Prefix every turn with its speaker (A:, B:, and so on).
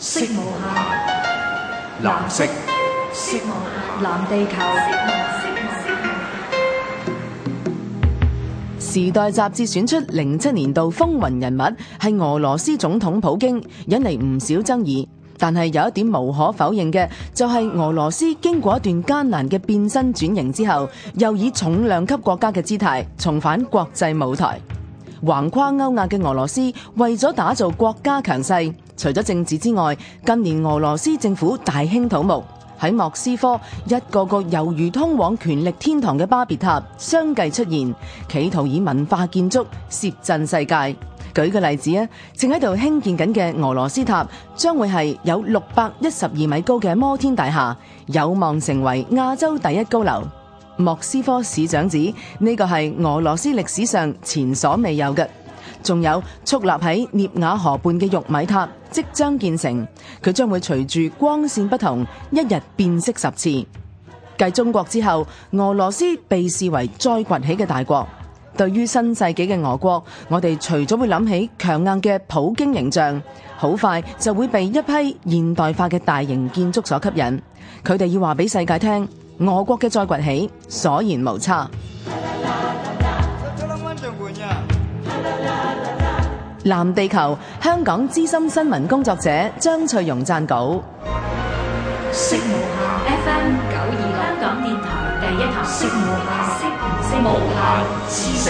A: 色無限，藍色，藍地球。時代雜誌選出零七年度風雲人物係俄羅斯總統普京，引嚟唔少爭議。但係有一點無可否認嘅，就係、是、俄羅斯經過一段艱難嘅變身轉型之後，又以重量級國家嘅姿態重返國際舞台。橫跨歐亞嘅俄羅斯，為咗打造國家強勢。除咗政治之外，近年俄羅斯政府大興土木，喺莫斯科一個個猶如通往權力天堂嘅巴別塔相繼出現，企圖以文化建築攝震世界。舉個例子啊，正喺度興建緊嘅俄羅斯塔將會係有六百一十二米高嘅摩天大廈，有望成為亞洲第一高樓。莫斯科市長指呢個係俄羅斯歷史上前所未有嘅。仲有矗立喺涅瓦河畔嘅玉米塔即將建成，佢將會隨住光線不同，一日變色十次。繼中國之後，俄羅斯被視為再崛起嘅大國。對於新世紀嘅俄國，我哋除咗會諗起強硬嘅普京形象，好快就會被一批現代化嘅大型建築所吸引。佢哋要話俾世界聽，俄國嘅再崛起，所言無差。藍地球，香港資深新聞工作者張翠容撰稿。FM 九二香港電台第一台，聲無限，聲無限，知識。